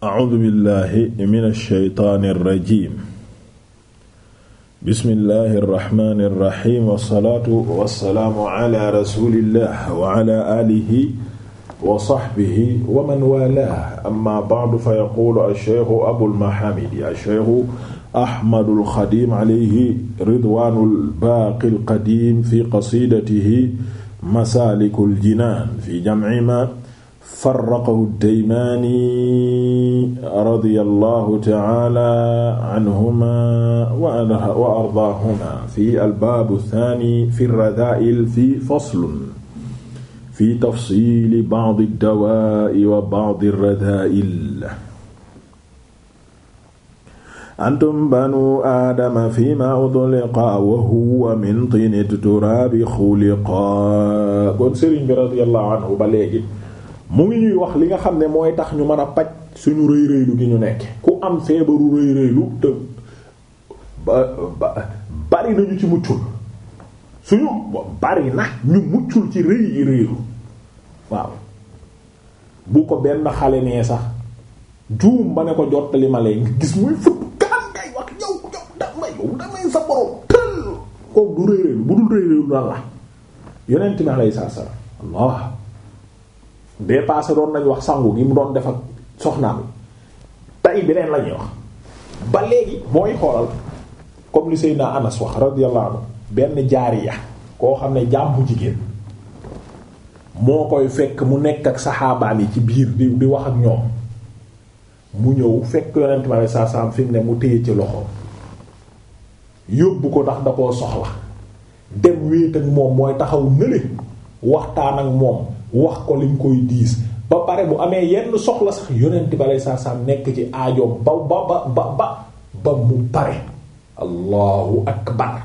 audu billahi min alsheytaani irrajim bismillahi irrahmani irrahim wassalaatu wassalaamu ala rasulillah wa ala alihi wa saxbihi wa man walah amma baadu fa yaquulu alcheikhu abulmahamidi alcheikhu ahmadu alxadim alayhi ridwaanu lbaaqi alqadim fi qasidatihi masaaliku aljinaan fi jamci ma farraqahu Daymaani radiyallahu ta'ala anhumaa wa ardaahumaa fi albaabu saani fi radaa'il fi faslun fi tafsiili ba'di dawaa'i wa ba'di radaa'il. antum banu aadama fiimaa utliqa wa huwa min tiini turaabi xuliqa. kon Serigne bi radiyallahu anhu ba léegi. mu ngi ñuy wax li nga xam ne mooy tax ñu mën a paj suñu rëy rëylu gi ñu nekk ku am feebaru rëy rëylu te bari nañu ci muccul suñu bari na ñu muccul ci rëy yi rëylu waaw bu ko benn xale nee sax juum ba ne ko jottali ma lay gis muy futt kaas ngay wax yow yow damay yow damay sa borom tëll kooku du rëy rëylu bu dul rëy rëylu lan la yonent mi alayhi salaam Allah bee paase doon nañ wax sangu gi mu doon def ak soxnaam tey beneen la ñuy wax ba léegi mooy xoolal comme li Seydina Anas wax radiyallahu anhu benn jaariya koo xam ne jàmbu jigéen moo koy fekk mu nekk ak saxaabaam yi ci biir di di wax ak ñoom mu ñëw fekk yonent ma saa saam fi mu ne mu téye ci loxo yóbbu ko ndax da koo soxla dem wéet ak moom mooy taxaw nële waxtaan ak moom wax ko liñ koy diis ba pare bu amee yenn soxla sax yonent ba lay saasam nekk ci aajo ba ba ba ba ba ba mu pare allahu akbar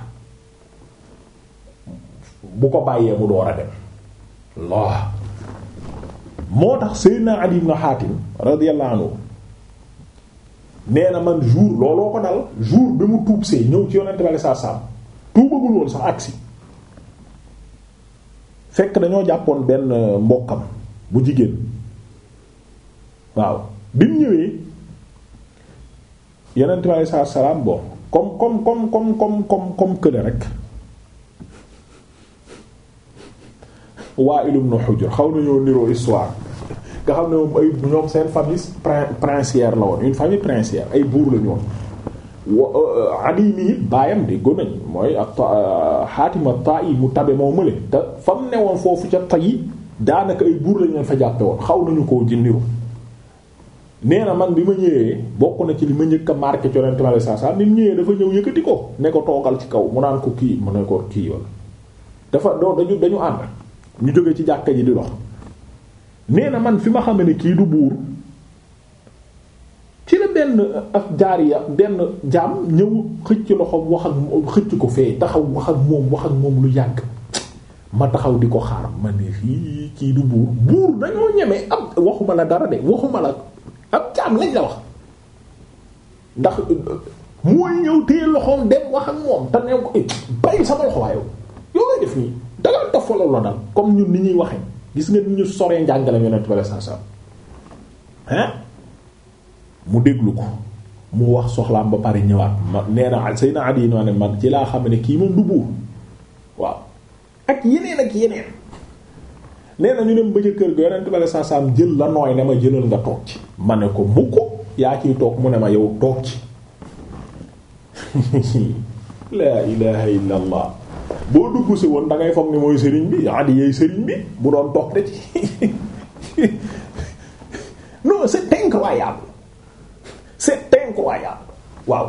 bu ko bàyyee mu door a dem allah moo tax Seydina Adi ibn Hatim radiyallahu anhu nee na man jour looloo ko dal jour bi mu tuub see ñëw ci yonent ba lay saasam tuubagul woon sax agsi fekk dañoo jàppoon benn euh, mbokkam bu jigéen waaw bi mu ñëwee yonent bi alayhi salaatu salaam bon comme comme comme comme comme comme comme kële rek Wa'il ibn Hujr xaw nañoo niroo histoire nga xam ne moom ay ñoom seen famille princière la woon une famille ay buur la ñu wa uh, uh, adi mi it baayam di gonañ mooy ak uh, xaatim at yi mu tabe moo mële te fa mu newoon foofu ca Tayi daanaka ay buur lañ leen fa jàppe woon xaw nañu ko jindiru nee na man bi ma ñëwee bokk na ci li ma njëkk a marqué Yonent Yàlla saa saa ni mu ñëwee dafa ñëw yëkkati ko ne ko toogal ci kaw mu naan ko kii mu ne ko kii wala dafa doo dañu dañu ànd ñu jóge ci jàkka ji di dox nee na man fi ma xam ne kii du buur benn ak jaariya benn jaam ñëw xëcc loxoom wax ak xëcc ko fee taxaw wax ak moom wax ak moom lu yàgg ma taxaw di ko xaar ma ne fii kii du buur buur dañoo ñemee ab waxuma la dara de waxuma la ab jaam lañ la wax ndax mooy ñëw téye loxoom dem wax ak moom te ko eh, bàyyi sama loxo waaye yow lay def nii dangaa dof walla la dal comme ñun ni ñuy waxee gis nga ni ñu soree njàngale yonent bi sallallahu alayhi wasallam mu déglu ko mu wax soxlaam ba pare ñëwaat ma nee na say na adi naa man ci laa xam ne kii moom du buur waaw ak yeneen ak yeneen nee na ñu dem ba ca kër ga yonent bale saa saam jël la nooy ne ma jëlal nga toog ci ma ne ko mukk yaa ciy toog mu ne ma yow toog ci laa ilaha illa boo dugg si woon da ngay foog ni mooy sëriñ bi adi yey sëriñ bi bu doon toog de ci non c'est incroyable c'est incroyable waaw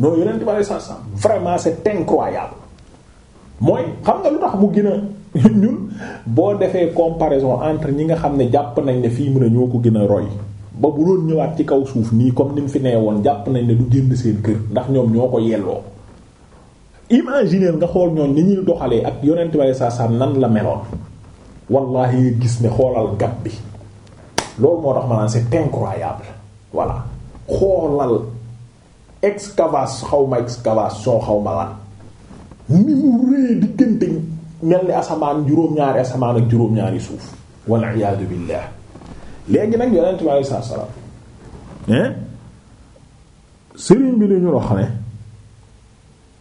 non yeneen i bari sax vraiment c'est incroyable mooy xam nga lu tax mu gën a ñun boo defee comparaison entre ñi nga xam ne jàpp nañ ne fii mun a ñoo ko gën a roy ba bu doon ñëwaat ci kaw suuf nii comme ni mu fi nee woon jàpp nañ ne du génn seen kër ndax ñoom ñoo ko yelloo. imaginer nga xool ñoom ni ñuy doxalee ak yonent bi saa saa nan la meloon wallahi gis ne xoolal gab bi loolu moo tax ma naan incroyable voilà. xoolal excavation xawma ma excavation xaw ma ni mu rëy diggante mel ni asamaan juróom-ñaari asamaan ak juróom-ñaari suuf wal iyaadu billah léegi nag yonent bi alei saatu salaam sëriñ bi li ñu wax ne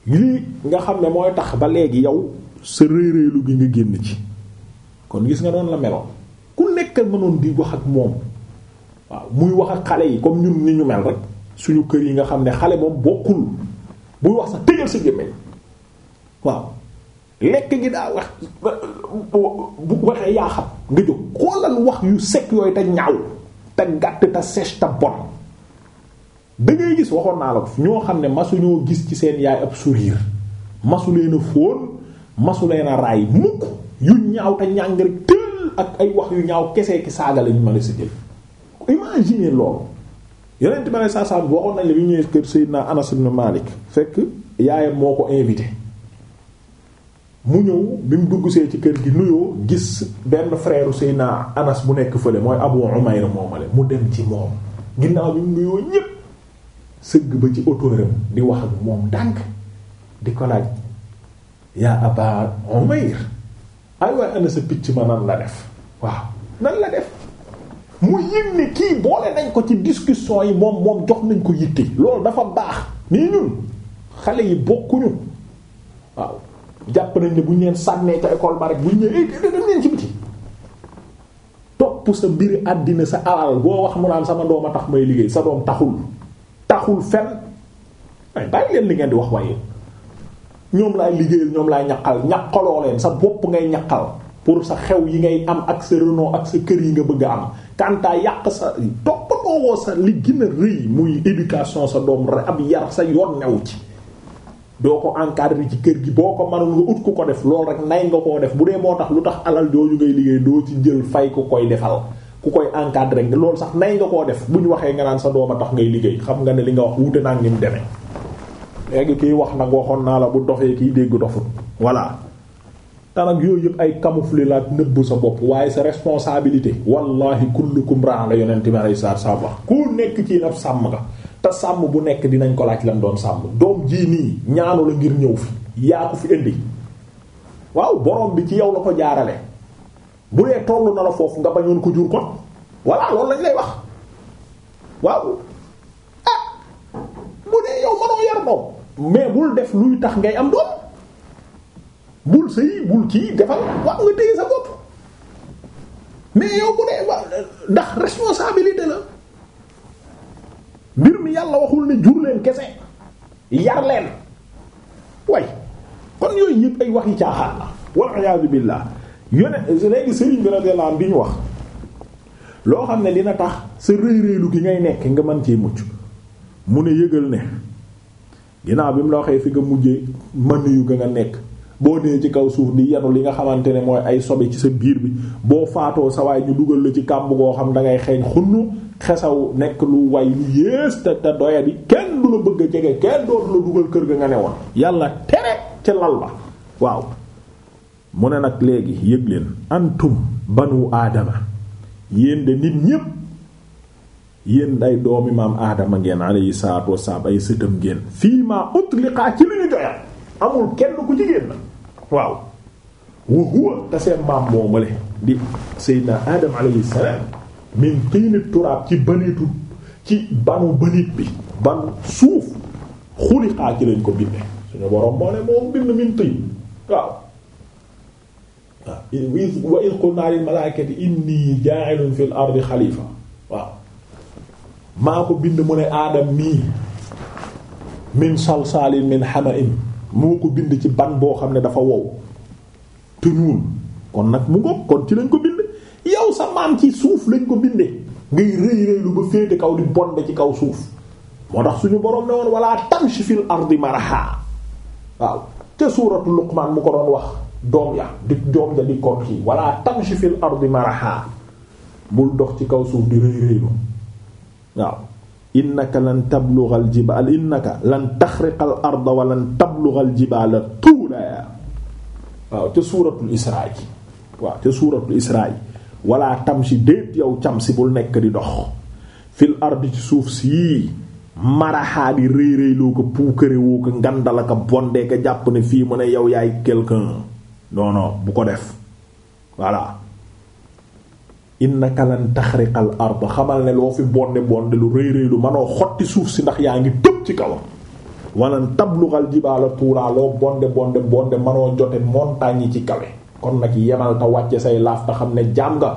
lii nga xam ne mooy tax ba léegi yow sa réeréelu gi nga génn ci kon gis nga noonu la meloon ku nekk mënoon di wax ak moom waaw muy wax ak xale yi comme ñun ni ñu mel rek suñu kër yi nga xam ne xale moom bokkul buy wax sax tëjal sa gémmiñ waaw lekk gi daa wax bu waxee yaa xam nga jóg xoolal wax yu sekk yooyu te ñaaw te gàtt te sech te bon da gis waxoon naa la ko ñoo xam ne masuñoo gis ci seen yaay ab sourire masu leen a fóon masu leen raay mukk yu ñaaw te ñàng rek ak ay wax yu ñaaw kese ki saaga lañu mën a si jël imagine loolu yeneen ma ne saa saa waxoon nañ la bi ñëwee kër Seydina Anas ibn Malik fekk yaayam moo ko invité mu ñëw bi mu dugg see ci kër gi nuyoo gis benn frère Seydina Anas bu nekk fële mooy Abu Umayr moomale mu dem ci moom ginnaaw bi mu nuyoo ñépp sëgg ba ci autorem di wax ak moom dànk di ko yaa Aba Umayr ay waaye Anas a picc ma nan la def waaw nan la def mu yëg ne kii boole nañ ko ci discussion yi moom moom jox nañ ko yitte loolu dafa baax nii ñun xale yi bokkuñu waaw jàpp nañ ne bu ñu leen sànnee ca école ba rek bu ñu ñëwee eh, dem leen ci topp sa mbiri àddina sa alal boo wax mu naan sama doom a tax may liggéey sa doom taxul taxul fen ay bàyyi leen li ngeen di wax waaye ñoom laay liggéeyal ñoom laay ñaqal ñaqaloo leen sa bopp ngay ñaqal pour sa xew yi ngay am ak sa renom ak sa kër yi nga bëgg a am kantaa yàq sa toppatoo woo sa li gën a rëy muy éducation sa doom ab yar sa yoon new ci doo ko encadrer ci kër gi boo ko mënul nga ut ku ko def loolu rek nay nga koo def bu dee moo tax lu tax alal jooju ngay liggéey doo ci jël fay ku koy defal ku koy encadrer loolu sax nay nga koo def bu ñu waxee nga naan sa doom a tax ngay liggéey xam nga ne li nga wax wuute naa ngi mu demee léegi kiy wax nag waxoon naa la bu doxee kiy dégg dofut tanag yooyu yëpp ay camoufler la nëbb sa bopp waaye sa responsabilité wallahi kullukum raa la yonent bi alei saatu salaam wax ku nekk ci ab sàmm nga te sàmm bu nekk dinañ ko laaj lan doon sàmm doom jii nii ñaanu la ngir ñëw fi yaa ko fi indi waaw borom bi ci yow la ko jaarale bu dee tollu na la foofu nga bañoon ko jur kon voilà loolu lañ lay wax waaw ah bu dee yow mënoo yar doom mais bul def luy tax ngay am doom bul sëy bul kii defal waaw nga téye sa bopp mais yow bu dee wa ndax responsabilité la mbir mi yàlla waxul ne jur leen kese yar leen way kon yooyu yëpp ay waxi caaxaan la wal iyaadu billaah yone léegi sëriñ bi radiyallahu anhu bi ñu wax loo xam ne dina tax sa rëy rëylu gi ngay nekk nga mën cee mucc mu ne yëgal ne ginnaaw bi mu la waxee fi nga mujjee mën yu nga nga nekk boo dee ci kaw suuf di yenu li nga xamante ne mooy ay sobe ci sa biir bi boo faatoo sa waay ñu dugal la ci kàmb goo xam da ngay xeeñ xunn xesaw nekk lu way lu yées te te doya bi kenn du la bëgg a jege kenn dootu la dugal kër ga nga ne woon yàlla tere lal ba waaw mu ne nag léegi yëg leen antum banu yéen de nit ñépp yéen ay doomi maam aadama ngeen alayhi salaatu saab ay sëtam ngeen fii maa utliqa ci li ñu doyal amul kenn ku jigéen na waaw wa huwa te maam moo male di sayyidina adam alayhi salam turaab ci banitu ci banu banit bi ban suuf xuliqaa ci lañ ko binde suñu borom moo ne moom bind min tin waaw wa iz qulnaa lil malaa'ikati inni jaa'ilun fil ardi xalifa waaw maa ko bind mu ne aadam mii min salsaalin min hama'in moo ko bind ci ban boo xam ne dafa wow te kon nag mu ngoog kon ci lañ ko bind yow sa maam ci suuf lañ ko bindee ngay rëy rëy ba féete kaw di bonde ci kaw suuf moo tax suñu boroom ne woon wala tamshi fil ardi maraha waaw te suuratu Luqmaan mu ko doon wax doom ya di doom ja di ko kii wala tamshi fil ardi bul dox ci kaw suuf di rëy rëylu waaw innaka lan tablughal jibaal innaka lan taxriqal arda wa lan tablughal jibaala tuula waaw te suuratul israa yi waaw te suuratul israa yi wala tamshi déet yow camsi bul nekk di dox fil ardi ci suuf sii maraxaa di réy réyloo ko puukarewoo ko ngandala ka jàpp ne fii mu ne yow yaay quelqu'un non non bu ko def voilà innaka lan taxriqal arda xamal ne loo fi bonde bonde lu rëy rëy lu manoo xotti suuf si ndax yaa ngi tëb ci kawam walan tablugal jibaala tuuraa loo bonde bonde bonde manoo jote montagne ci kawe kon nag yemal te wàcce say laaf te xam ne jaam nga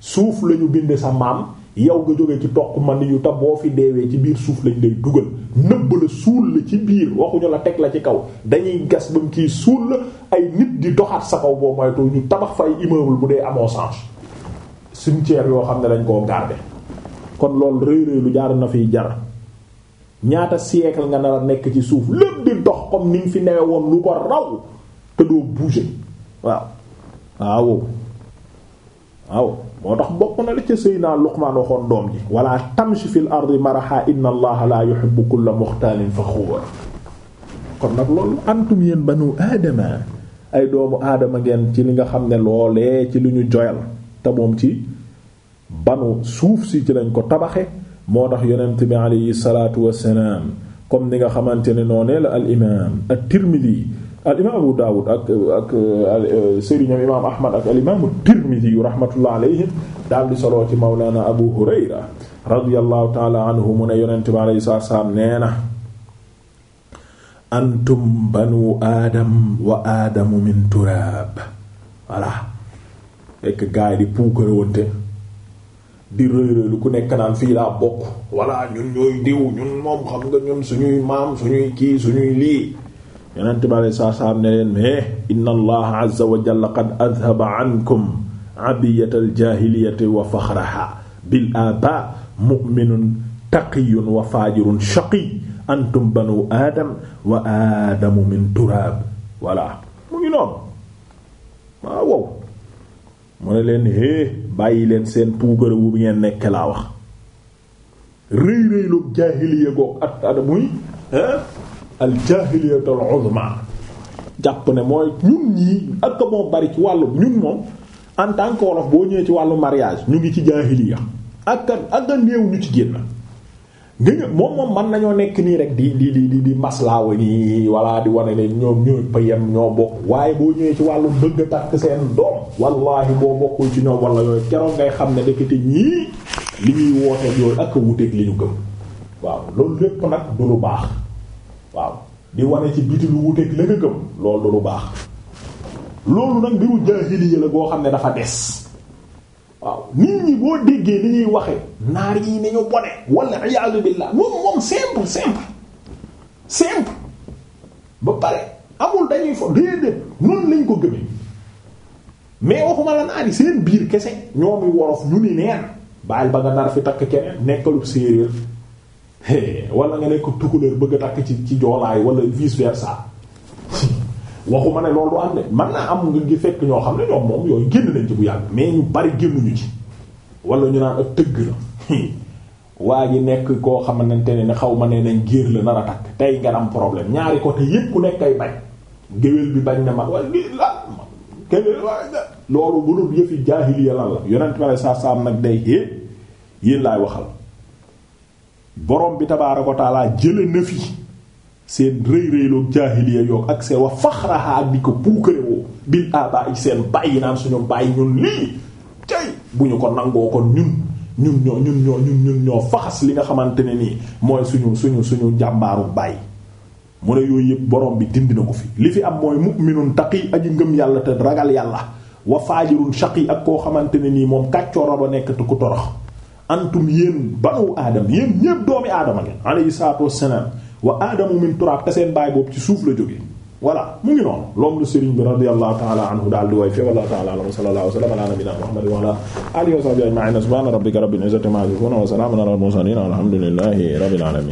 suuf lañu binde sa maam yow nga jóge ci toq man yu te boo fi deewee ci biir suuf lañ lay dugal nëbb la suul la ci biir waxuñu la teg la ci kaw dañuy gas ba mu kii suul la ay nit di doxaat sa kaw boo moytu ñu tabax fay immeuble bu dee amoo change cimetière yoo xam ne dañ koo garder kon lool rëy rëy lu jaar na fiy jar ñaata siècle nga nar nekk ci suuf lépp di dox comme ni fi newe woon lu ko raw te doo bouger waaw waaw moo tax bokk na li ca Seydina Luqmaan waxoon doom ji wala tamshi fil ardi maraha inna allaha la yuhibbu kulla muxtaalin faxuur kon nag loolu antum yéen banu aadama ay doomu aadama ngeen ci li nga xam ne loolee ci lu ñu joyal te moom ci banu suuf si ci lañ ko tabaxe moo tax yonent bi aleyhi salaatu wassalaam comme ni nga xamante ne noonee la al imaam at-Tirmidhi al imaam Abu Dawud ak ak sëriñam imaam Ahmad ak al imaam at-Tirmidhi yu rahmatullah alayhim daal di solo ci mawlaana Abu Hurayra radiyallahu taala anhu mu ne yonent bi aleyhi salaatu wassalaam nee na antum banu aadam wa aadamu min turaab voilà fekk gaay di puukarewante di rëy lu ku nekk naan fii laa bokk walla ñun ñooy diw ñun moom xam nga ñun suñuy maam suñuy kii suñuy lii yonent bi alei saatu salaam ne leen mais eh, inna allaha azza wa jalla qad adhaba ankum abiyata aljahiliyati wa faxraha bil aba mu'minun taqiyun wa faajirun shaqiy antum banu aadam wa aadamu min turaab voilà mu ngi noonu wow mu ne leen hée bàyyi leen seen puugare wu ngeen nekk laa wax rëy rëylu jaahiliya goog at at muy al jaahiliyatul uzma jàpp ne mooy ñun ñii ak moo bari ci wàllu ñun moom en tant wolof boo ñëwee ci wàllu mariage ñu ngi ci jaahiliya ak ak néew ñu ci génn nga ñëw moom moom man nañoo nekk nii rek di di di di maslaawa nii walla di wane ne ñoom ñooy payam ñoo bokk waaye boo ñëwee ci wàllu bëgg takk seen doom wallaahi boo bokkul ci ñoo wala yooyu keroog ngay xam ne dëkk te ñii li ñuy woote yooyu ak wuteeg li ñu gëm waaw loolu lépp nag du lu baax waaw di wane ci biti lu wuteeg la nga gëm loolu lu baax loolu nag biru jaahiliya la boo xam ne dafa des waaw nit ñi boo déggee li ñuy waxee naar yi ne ñu bone walla iyaazu billaah moom moom simple simple simple ba pare amul dañuy fo déedéet noonu lañ ko gëmee mais waxuma la naar yi seen biir kese ñoomi worof ñu ni neen bàyyil ba nga nar fi takk keneen nekkalub séeréer wala nga nekk tukulóor bëgg a takk ci ci joolaay wala vice versa waxuma ne loolu am ne man naa am nga fekk ñoo xam ne ñoom moom yooyu génn nañ ci bu yàgg mais ñu bari génnuñu ci wala ñu naan ak tëgg la waa ji nekk koo xamante ne ne xaw ma ne nañ géer la nar tey nga problème ñaari côté yépp ku nekk ay bañ géwél bi bañ na ma waaye lii la loolu bu dul yëfi jaahiliya lan la yonent ma ne saa saa nag day hee yéen waxal borom bi tabaaraka wa taala jële na fi seen rëy rëyloog jaahiliya yoog ak seen wa faxraha di ko puukarewoo bil abaa seen bàyyi naan suñu bàyyi ñun lii tey bu ñu ko nangoo kon ñun ñun ñoo ñun ñoo ñun ñun ñoo faxas li nga xamante ne nii mooy suñu suñu suñu jàmbaaru bàyyi mu ne yooyu yëpp borom bi dindi na ko fi li fi am mooy mu'minun taqi aji ngëm yàlla te ragal yàlla wa faajirun shaqi ak koo xamante ne nii moom kàccoora ba nekk te ku torox antum yéen banu aadam yéen ñépp doomi aadama ngeen alayhi salaatu wassalaam wa aadamu min turaab te seen baay boobu ci suuf la jógee voilà mu ngi noonu loom la sëriñ bi radiyallahu ta'ala anhu daal di way fi wallahu ta'ala alam sallallahu alayhi wa sallam ala nabina muhammad wa ala alihi wa sahbihi ajma'in subhana rabbika rabbil izzati amma yasifun wa salamun ala al mursalin walhamdulillahi rabbil alamin